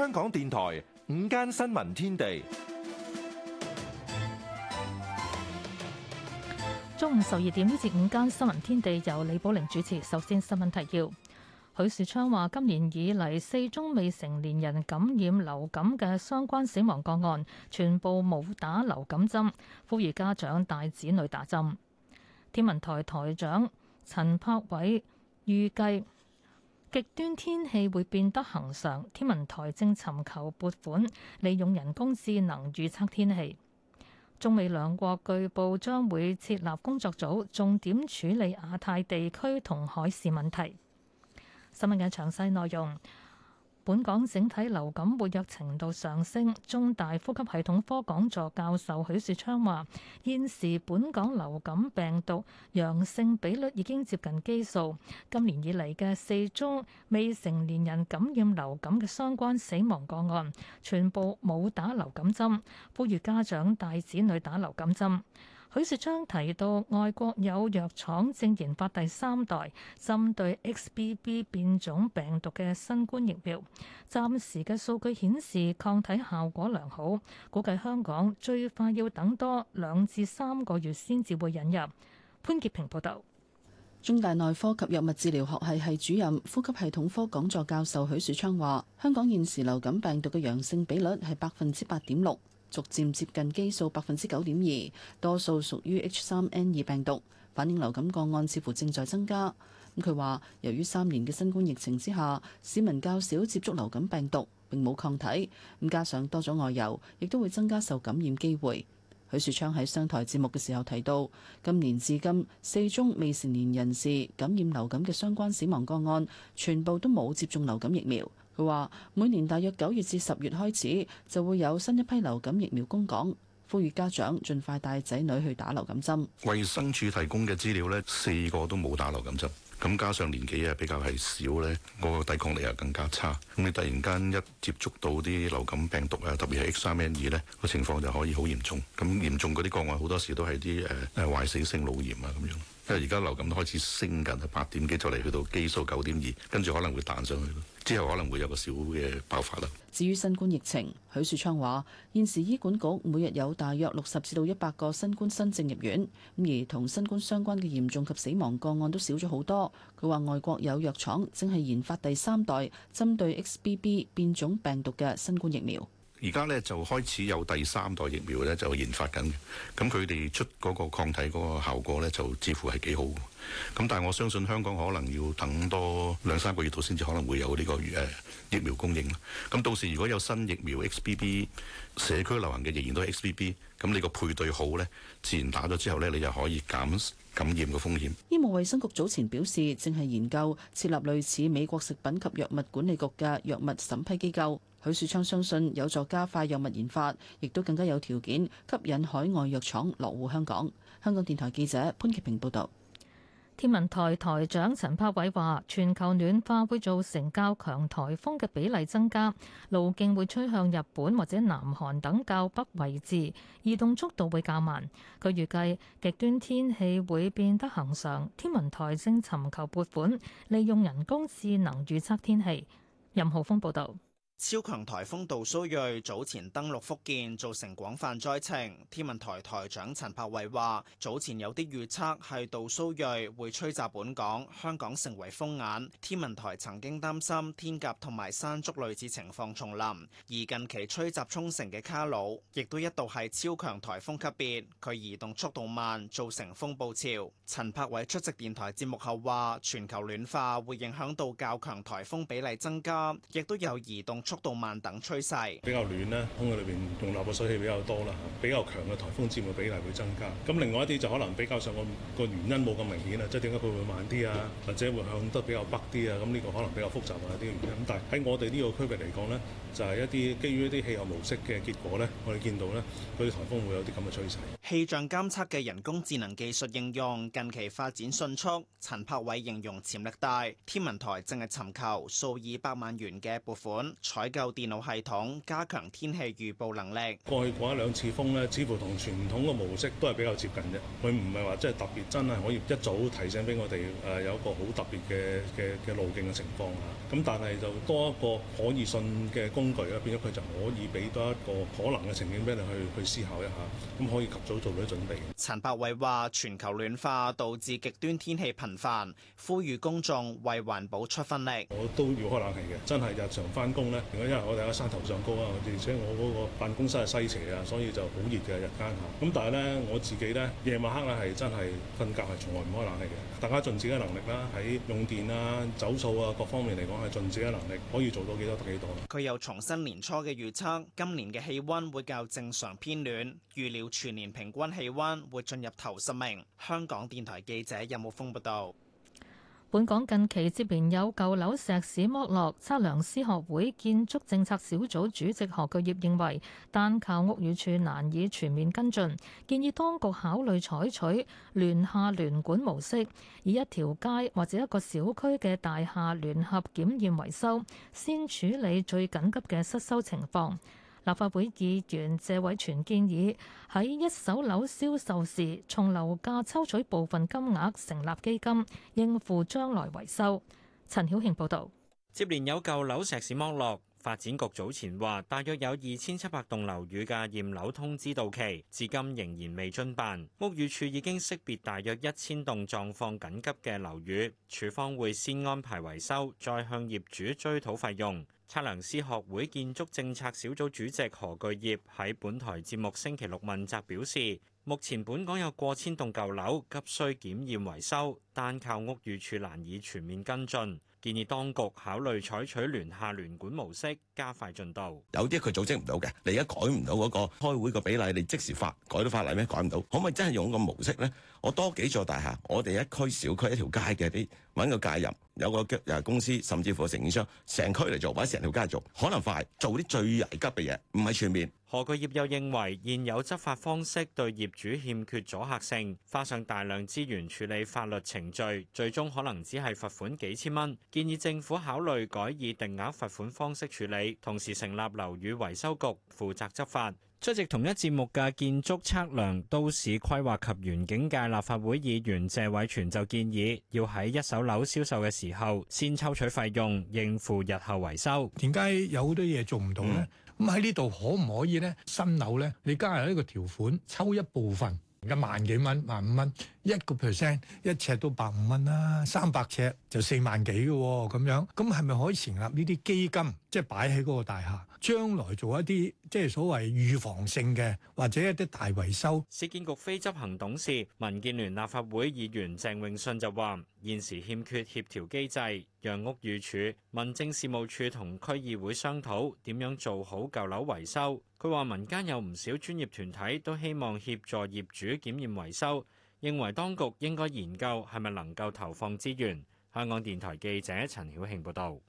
香港電台午間新聞天地，中午十二點呢節午間新聞天地由李寶玲主持。首先新聞提要：許樹昌話，今年以嚟四宗未成年人感染流感嘅相關死亡個案，全部冇打流感針，呼籲家長帶子女打針。天文台台長陳柏偉預計。極端天氣會變得恒常，天文台正尋求撥款，利用人工智能預測天氣。中美兩國據報將會設立工作組，重點處理亞太地區同海事問題。新聞嘅詳細內容。本港整體流感活躍程度上升，中大呼吸系統科講座教授許樹昌話，現時本港流感病毒陽性比率已經接近基數，今年以嚟嘅四宗未成年人感染流感嘅相關死亡個案，全部冇打流感針，呼籲家長帶子女打流感針。許樹昌提到，外國有藥廠正研發第三代針對 XBB 變種病毒嘅新冠疫苗，暫時嘅數據顯示抗體效果良好，估計香港最快要等多兩至三個月先至會引入。潘潔平報道，中大內科及藥物治療學系系主任、呼吸系統科講座教授許樹昌話，香港現時流感病毒嘅陽性比率係百分之八點六。逐漸接近基數百分之九點二，多數屬於 H 三 N 二病毒，反映流感個案似乎正在增加。咁佢話，由於三年嘅新冠疫情之下，市民較少接觸流感病毒，並冇抗體，咁加上多咗外遊，亦都會增加受感染機會。許樹昌喺商台節目嘅時候提到，今年至今四宗未成年人士感染流感嘅相關死亡個案，全部都冇接種流感疫苗。佢話：每年大約九月至十月開始，就會有新一批流感疫苗供港，呼籲家長盡快帶仔女去打流感針。衞生署提供嘅資料呢，四個都冇打流感針，咁加上年紀啊比較係少呢，個抵抗力又更加差，咁你突然間一接觸到啲流感病毒啊，特別係 H3N2 呢，個情況就可以好嚴重。咁嚴重嗰啲個案好多時都係啲誒誒壞死性腦炎啊咁樣。而家流感都開始升緊，八點幾再嚟去到基數九點二，跟住可能會彈上去咯。之後可能會有個小嘅爆發啦。至於新冠疫情，許樹昌話現時醫管局每日有大約六十至到一百個新冠新症入院，咁而同新冠相關嘅嚴重及死亡個案都少咗好多。佢話外國有藥廠正係研發第三代針對 XBB 變種病毒嘅新冠疫苗。而家咧就開始有第三代疫苗咧，就研發緊。咁佢哋出嗰個抗體嗰個效果咧，就似乎係幾好。咁但係我相信香港可能要等多兩三個月度先至可能會有呢個誒疫苗供應。咁到時如果有新疫苗 XBB 社區流行嘅仍然都係 XBB，咁你個配對好咧，自然打咗之後咧，你就可以減感染嘅風險。醫務衛生局早前表示，正係研究設立類似美國食品及藥物管理局嘅藥物審批機構。許樹昌相信有助加快藥物研發，亦都更加有條件吸引海外藥廠落戶香港。香港電台記者潘潔平報道，天文台台長陳柏偉話，全球暖化會造成較強颱風嘅比例增加，路徑會趨向日本或者南韓等較北位置，移動速度會較慢。佢預計極端天氣會變得恒常。天文台正尋求撥款，利用人工智能預測天氣。任浩峰報道。超強颱風杜蘇芮早前登陸福建，造成廣泛災情。天文台台長陳柏偉話，早前有啲預測係杜蘇芮會吹襲本港，香港成為風眼。天文台曾經擔心天鴿同埋山竹類似情況重臨。而近期吹襲沖繩嘅卡努，亦都一度係超強颱風級別。佢移動速度慢，造成風暴潮。陳柏偉出席電台節目後話，全球暖化會影響到較強颱風比例增加，亦都有移動。速度慢等趨勢比較暖啦，空氣裏邊用冷嘅水氣比較多啦，比較強嘅颱風佔嘅比例會增加。咁另外一啲就可能比較上個個原因冇咁明顯啊，即係點解佢會慢啲啊，或者會向得比較北啲啊，咁呢個可能比較複雜啊啲原因。但係喺我哋呢個區域嚟講呢，就係一啲基於一啲氣候模式嘅結果呢。我哋見到呢，對颱風會有啲咁嘅趨勢。氣象監測嘅人工智能技術應用近期發展迅速，陳柏偉形容潛力大。天文台正係尋求數以百萬元嘅撥款。採購電腦系統，加強天氣預報能力。過去過一兩次風呢，似乎同傳統嘅模式都係比較接近嘅。佢唔係話即係特別真係可以一早提醒俾我哋，誒有一個好特別嘅嘅嘅路徑嘅情況咁，但係就多一個可以信嘅工具啦，變咗佢就可以俾多一個可能嘅情景俾你去去思考一下，咁可以及早做啲準備。陳柏偉話：全球暖化導致極端天氣頻繁，呼籲公眾為環保出分力。我都要開冷氣嘅，真係日常返工呢。如果因為我哋喺山頭上高啊，而且我嗰個辦公室係西斜啊，所以就好熱嘅日間嚇。咁但係咧，我自己咧夜晚黑咧係真係瞓覺係從來唔開冷氣嘅。大家盡自己嘅能力啦，喺用電啊、走數啊各方面嚟講係盡自己嘅能力，可以做到幾多得幾多。佢又重申年初嘅預測，今年嘅氣温會較正常偏暖，預料全年平均氣温會進入頭十名。香港電台記者任武峯報道。本港近期接連有舊樓石屎剝落，測量師學會建築政策小組主席何鉅業認為，單靠屋宇署難以全面跟進，建議當局考慮採取聯廈聯管模式，以一條街或者一個小區嘅大廈聯合檢驗維修，先處理最緊急嘅失修情況。立法會議員謝偉銓建議喺一手樓銷售時，從樓價抽取部分金額成立基金，應付將來維修。陳曉慶報導。接連有舊樓石屎剝落，發展局早前話，大約有2700棟樓宇嘅驗樓通知到期，至今仍然未遵辦。屋宇署已經識別大約一千棟狀況緊急嘅樓宇，署方會先安排維修，再向業主追討費用。測量師學會建築政策小組主席何巨業喺本台節目星期六問責表示，目前本港有過千棟舊樓急需檢驗維修，單靠屋宇署難以全面跟進，建議當局考慮採取聯廈聯管模式，加快進度。有啲佢組織唔到嘅，你而家改唔到嗰個開會個比例，你即時法改到法例咩？改唔到，可唔可以真係用個模式呢？我多幾座大廈，我哋一區小區一條街嘅啲。揾個介入有個嘅又係公司，甚至乎係承建商成區嚟做或者成條街做，可能快做啲最危急嘅嘢，唔係全面。何巨業又認為現有執法方式對業主欠缺阻嚇性，花上大量資源處理法律程序，最終可能只係罰款幾千蚊。建議政府考慮改以定額罰款方式處理，同時成立樓宇維修局負責執法。出席同一節目嘅建築測量、都市規劃及園景界立法會議員謝偉銓就建議，要喺一手樓銷售嘅時候先抽取費用，應付日後維修。點解有好多嘢做唔到呢？咁喺呢度可唔可以呢？新樓呢？你加入一個條款，抽一部分。一萬幾蚊，萬五蚊一個 percent，一尺都百五蚊啦，三百尺就四萬幾嘅咁樣，咁係咪可以成立呢啲基金，即係擺喺嗰個大廈，將來做一啲即係所謂預防性嘅，或者一啲大維修？市建局非執行董事、民建聯立法會議員鄭泳舜就話。現時欠缺協調機制，讓屋宇署、民政事務處同區議會商討點樣做好舊樓維修。佢話民間有唔少專業團體都希望協助業主檢驗維修，認為當局應該研究係咪能夠投放資源。香港電台記者陳曉慶報道。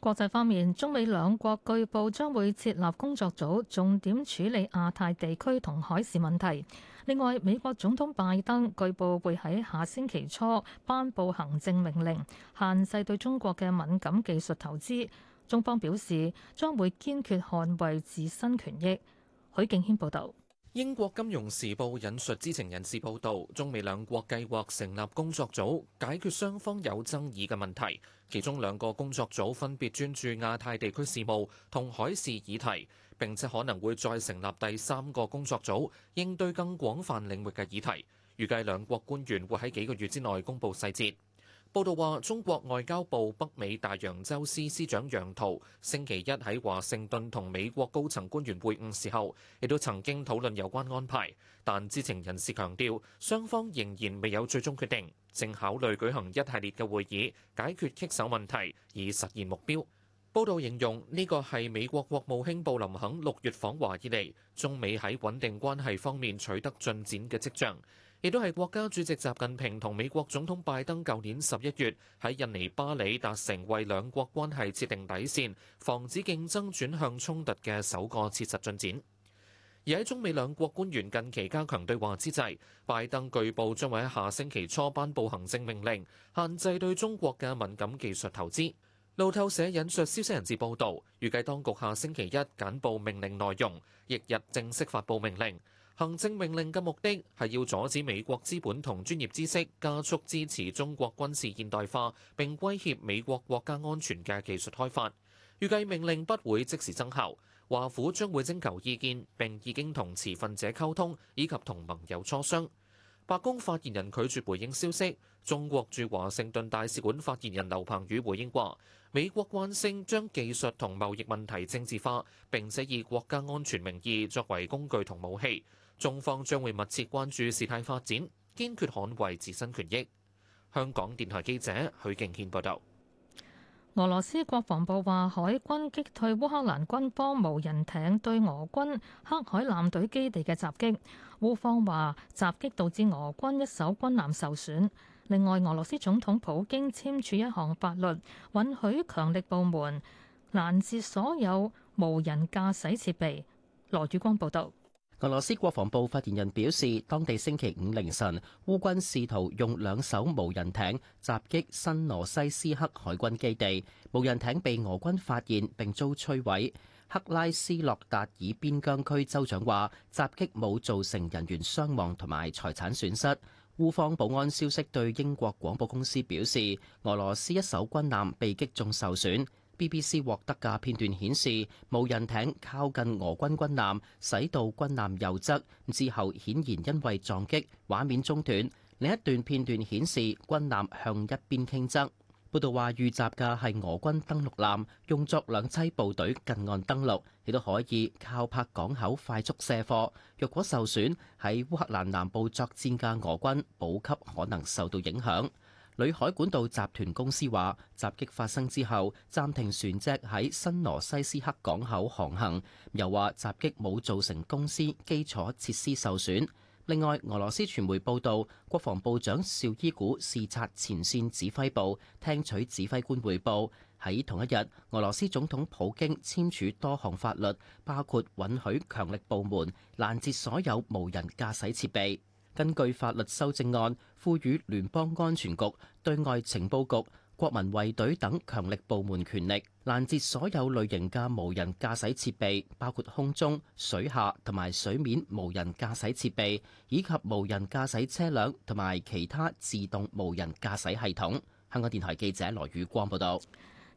國際方面，中美兩國據報將會設立工作組，重點處理亞太地區同海事問題。另外，美國總統拜登據報會喺下星期初頒布行政命令，限制對中國嘅敏感技術投資。中方表示將會堅決捍衛自身權益。許敬軒報導。英國金融時報引述知情人士報道，中美兩國計劃成立工作組，解決雙方有爭議嘅問題。其中兩個工作組分別專注亞太地區事務同海事議題，並且可能會再成立第三個工作組，應對更廣泛領域嘅議題。預計兩國官員會喺幾個月之內公佈細節。報道話，中國外交部北美大洋洲司司長楊濤星期一喺華盛頓同美國高層官員會晤時候，亦都曾經討論有關安排，但知情人士強調，雙方仍然未有最終決定，正考慮舉行一系列嘅會議，解決棘手問題，以實現目標。報道形容呢個係美國國務卿布林肯六月訪華以嚟，中美喺穩定關係方面取得進展嘅跡象。亦都係國家主席習近平同美國總統拜登舊年十一月喺印尼巴里達成為兩國關係設定底線、防止競爭轉向衝突嘅首個切實進展。而喺中美兩國官員近期加強對話之際，拜登據報將會喺下星期初頒布行政命令，限制對中國嘅敏感技術投資。路透社引述消息人士報道，預計當局下星期一簡報命令內容，翌日正式發布命令。行政命令嘅目的係要阻止美國資本同專業知識加速支持中國軍事現代化，並威脅美國國家安全嘅技術開發。預計命令不會即時生效，華府將會徵求意見，並已經同持份者溝通，以及同盟友磋商。白宮發言人拒絕回應消息。中國駐華盛頓大使館發言人劉鵬宇回應話：美國慣性將技術同貿易問題政治化，並且以國家安全名義作為工具同武器。中方將會密切關注事態發展，堅決捍衛自身權益。香港電台記者許敬軒報導。俄羅斯國防部話，海軍擊退烏克蘭軍方無人艇對俄軍黑海艦隊基地嘅襲擊。烏方話襲擊導致俄軍一艘軍艦受損。另外，俄羅斯總統普京簽署一項法律，允許強力部門攔截所有無人駕駛設備。羅宇光報道。俄羅斯國防部發言人表示，當地星期五凌晨，烏軍試圖用兩艘無人艇襲擊新羅西斯克海軍基地，無人艇被俄軍發現並遭摧毀。克拉斯諾達爾邊疆區州長話，襲擊冇造成人員傷亡同埋財產損失。烏方保安消息對英國廣播公司表示，俄羅斯一艘軍艦被擊中受損。BBC 獲得嘅片段顯示，無人艇靠近俄軍軍艦，駛到軍艦右側之後，顯然因為撞擊畫面中斷。另一段片段顯示軍艦向一邊傾側。報道話遇襲嘅係俄軍登陸艦，用作兩棲部隊近岸登陸，亦都可以靠泊港口快速卸貨。若果受損，喺烏克蘭南部作戰嘅俄軍補給可能受到影響。裏海管道集團公司話，襲擊發生之後，暫停船隻喺新羅西斯克港口航行，又話襲擊冇造成公司基礎設施受損，另外，俄羅斯傳媒報道，國防部長紹伊古視察前線指揮部，聽取指揮官匯報，喺同一日，俄羅斯總統普京簽署多項法律，包括允許強力部門攔截所有無人駕駛設備。根據法律修正案，賦予聯邦安全局、對外情報局、國民衛隊等強力部門權力，攔截所有類型嘅無人駕駛設備，包括空中、水下同埋水面無人駕駛設備，以及無人駕駛車輛同埋其他自動無人駕駛系統。香港電台記者羅宇光報道。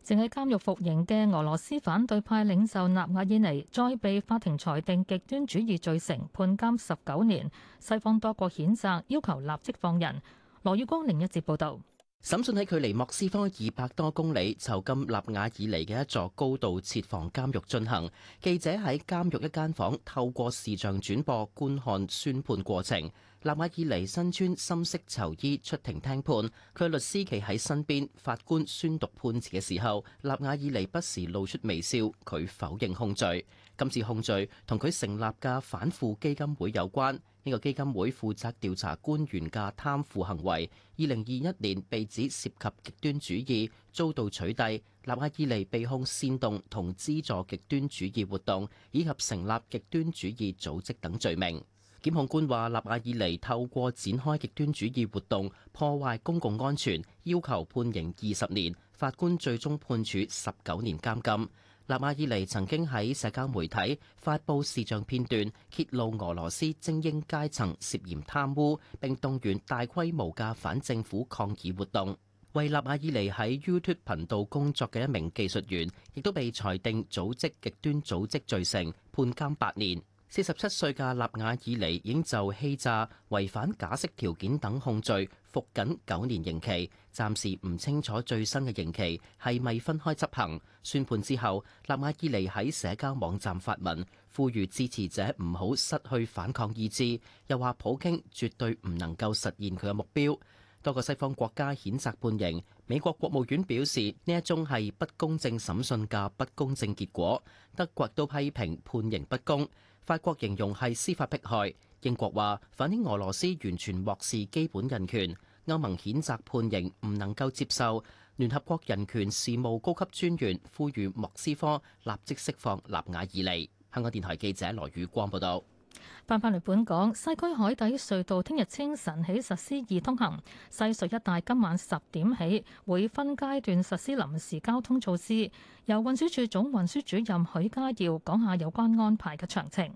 正喺監獄服刑嘅俄羅斯反對派領袖納瓦爾尼再被法庭裁定極端主義罪成，判監十九年。西方多國譴責，要求立即放人。羅宇光另一節報道。審訊喺距離莫斯科二百多公里，囚禁納瓦爾尼嘅一座高度設防監獄進行。記者喺監獄一間房透過視像轉播觀看宣判過程。納瓦爾尼身穿深色囚衣出庭聽判，佢律師企喺身邊。法官宣讀判詞嘅時候，納瓦爾尼不時露出微笑。佢否認控罪。今次控罪同佢成立嘅反腐基金會有關。呢個基金會負責調查官員嘅貪腐行為。二零二一年被指涉及極端主義，遭到取締。納瓦爾尼被控煽動同資助極端主義活動，以及成立極端主義組織等罪名。檢控官話：納瓦爾尼透過展開極端主義活動，破壞公共安全，要求判刑二十年。法官最終判處十九年監禁。納瓦爾尼曾經喺社交媒體發布視像片段，揭露俄羅斯精英階層涉嫌貪污，並動員大規模嘅反政府抗議活動。為納瓦爾尼喺 YouTube 頻道工作嘅一名技術員，亦都被裁定組織極端組織罪成，判監八年。四十七歲嘅納瓦爾尼已經就欺詐、違反假釋條件等控罪服緊九年刑期，暫時唔清楚最新嘅刑期係咪分開執行。宣判之後，納瓦爾尼喺社交網站發文，呼籲支持者唔好失去反抗意志，又話普京絕對唔能夠實現佢嘅目標。多個西方國家譴責判刑，美國國務院表示呢一宗係不公正審訊嘅不公正結果，德國都批評判刑不公。法國形容係司法迫害，英國話反映俄羅斯完全漠視基本人權。歐盟譴責判刑唔能夠接受，聯合國人權事務高級專員呼籲莫斯科立即釋放納瓦爾尼。香港電台記者羅宇光報道。翻返嚟本港，西區海底隧道聽日清晨起實施易通行，西隧一帶今晚十點起會分階段實施臨時交通措施。由運輸署總運輸主任許家耀講下有關安排嘅詳情。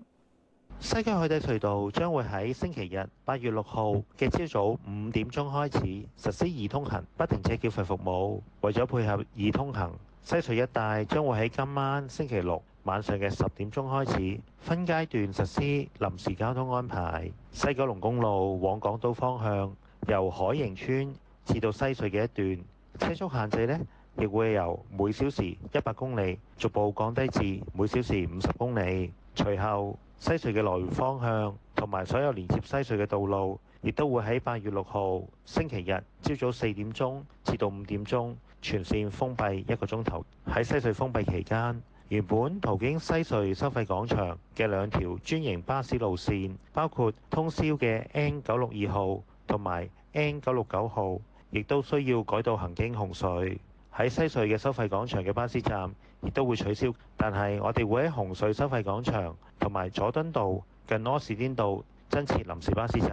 西區海底隧道將會喺星期日八月六號嘅朝早五點鐘開始實施易通行，不停車繳費服務。為咗配合易通行，西隧一帶將會喺今晚星期六，晚上嘅十點鐘開始，分階段實施臨時交通安排。西九龍公路往港島方向，由海盈村至到西隧嘅一段車速限制呢亦會由每小時一百公里逐步降低至每小時五十公里。隨後，西隧嘅來回方向同埋所有連接西隧嘅道路，亦都會喺八月六號星期日朝早四點鐘至到五點鐘，全線封閉一個鐘頭。喺西隧封閉期間，原本途經西隧收費廣場嘅兩條專營巴士路線，包括通宵嘅 N 九六二號同埋 N 九六九號，亦都需要改道行經紅隧。喺西隧嘅收費廣場嘅巴士站亦都會取消，但係我哋會喺紅隧收費廣場同埋佐敦道近柯士甸道增設臨時巴士站。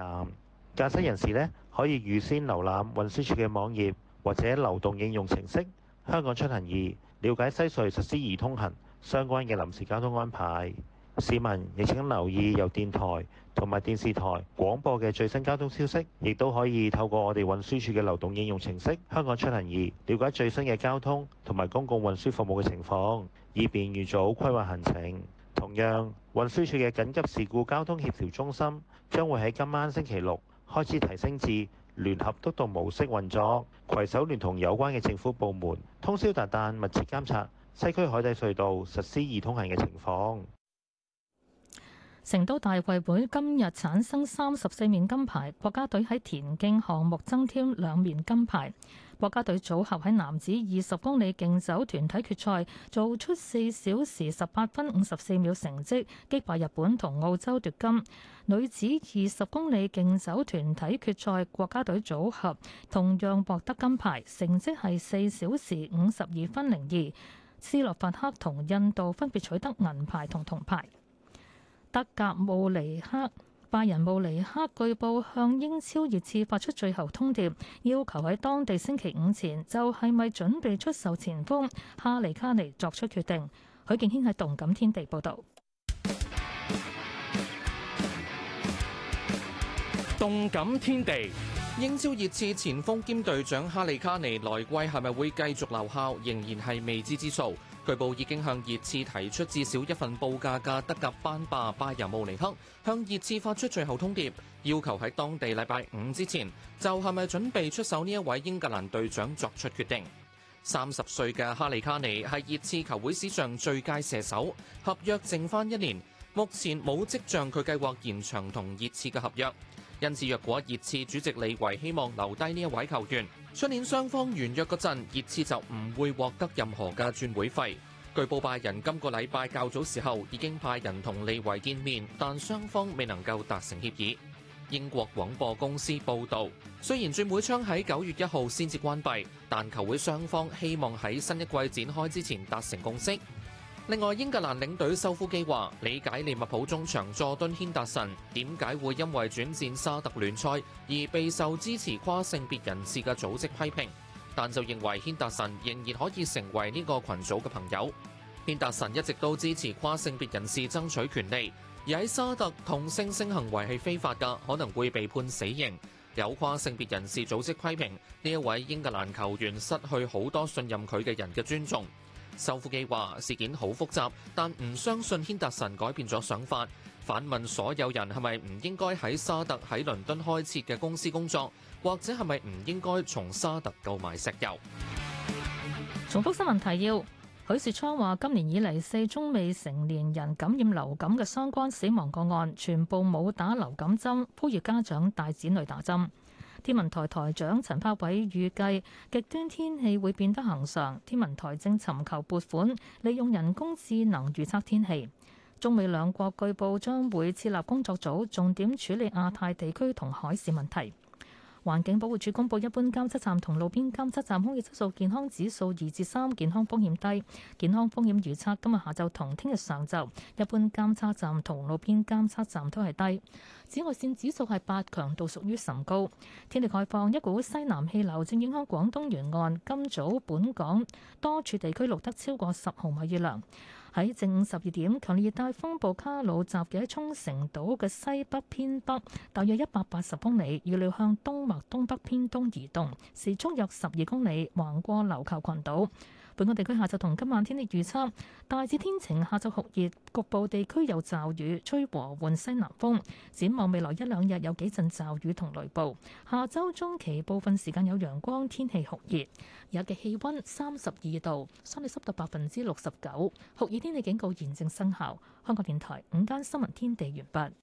駕駛人士呢，可以預先瀏覽運輸署嘅網頁或者流動應用程式《香港出行易》。了解西隧實施易通行相關嘅臨時交通安排，市民亦請留意由電台同埋電視台廣播嘅最新交通消息，亦都可以透過我哋運輸署嘅流動應用程式《香港出行易》了解最新嘅交通同埋公共運輸服務嘅情況，以便預早規劃行程。同樣，運輸署嘅緊急事故交通協調中心將會喺今晚星期六開始提升至。聯合督導模式運作，攜手聯同有關嘅政府部門，通宵達旦密切監察西區海底隧道實施易通行嘅情況。成都大運會今日產生三十四面金牌，國家隊喺田徑項目增添兩面金牌。國家隊組合喺男子二十公里競走團體決賽做出四小時十八分五十四秒成績，擊敗日本同澳洲奪金。女子二十公里競走團體決賽，決賽國家隊組合同樣獲得金牌，成績係四小時五十二分零二。斯洛伐克同印度分別取得銀牌同銅牌。德格慕尼克。拜仁慕尼克據報向英超熱刺發出最後通牒，要求喺當地星期五前就係、是、咪準備出售前鋒哈利卡尼作出決定。許敬軒喺動感天地報道。動感天地，天地英超熱刺前鋒兼隊長哈利卡尼，來季係咪會繼續留效，仍然係未知之數。據報已經向熱刺提出至少一份報價嘅德甲班霸拜仁慕尼黑，向熱刺發出最後通牒，要求喺當地禮拜五之前就係、是、咪準備出手呢一位英格蘭隊長作出決定。三十歲嘅哈利卡尼係熱刺球會史上最佳射手，合約剩翻一年，目前冇跡象佢計劃延長同熱刺嘅合約，因此若果熱刺主席李維希望留低呢一位球員，出年雙方完約嗰陣，熱刺就唔會獲得任何嘅轉會費。據報拜仁今個禮拜較早時候已經派人同利維見面，但雙方未能夠達成協議。英國廣播公司報導，雖然轉會窗喺九月一號先至關閉，但球會雙方希望喺新一季展開之前達成共識。另外，英格蘭領隊修夫基話：理解利物浦中場佐敦軒達臣點解會因為轉戰沙特聯賽而備受支持跨性別人士嘅組織批評，但就認為軒達臣仍然可以成為呢個群組嘅朋友。軒達臣一直都支持跨性別人士爭取權利，而喺沙特同性性行為係非法㗎，可能會被判死刑。有跨性別人士組織批評呢一位英格蘭球員失去好多信任佢嘅人嘅尊重。收副機話事件好複雜，但唔相信軒達臣改變咗想法，反問所有人係咪唔應該喺沙特喺倫敦開設嘅公司工作，或者係咪唔應該從沙特購買石油？重複新聞提要，許樹昌話：今年以嚟四宗未成年人感染流感嘅相關死亡個案，全部冇打流感針，呼籲家長帶子女打針。天文台台長陳柏偉預計極端天氣會變得恆常，天文台正尋求撥款，利用人工智能預測天氣。中美兩國據報將會設立工作組，重點處理亞太地區同海事問題。環境保護署公布，一般監測站同路邊監測站空氣質素健康指數二至三，健康風險低。健康風險預測今日下晝同聽日上晝，一般監測站同路邊監測站都係低。紫外線指數係八，強度屬於甚高。天氣開放，一股西南氣流正影響廣東沿岸，今早本港多處地區錄得超過十毫米雨量。喺正午十二點，強烈熱帶風暴卡努襲擊沖繩島嘅西北偏北，大約一百八十公里，預料向東或東北偏東移動，時速約十二公里，橫過琉球群島。本港地區下晝同今晚天氣預測，大致天晴，下晝酷熱，局部地區有驟雨，吹和緩西南風。展望未來一兩日有幾陣驟雨同雷暴，下週中期部分時間有陽光，天氣酷熱，日嘅氣温三十二度，相對濕度百分之六十九，酷熱天氣警告現正生效。香港電台午間新聞天地完畢。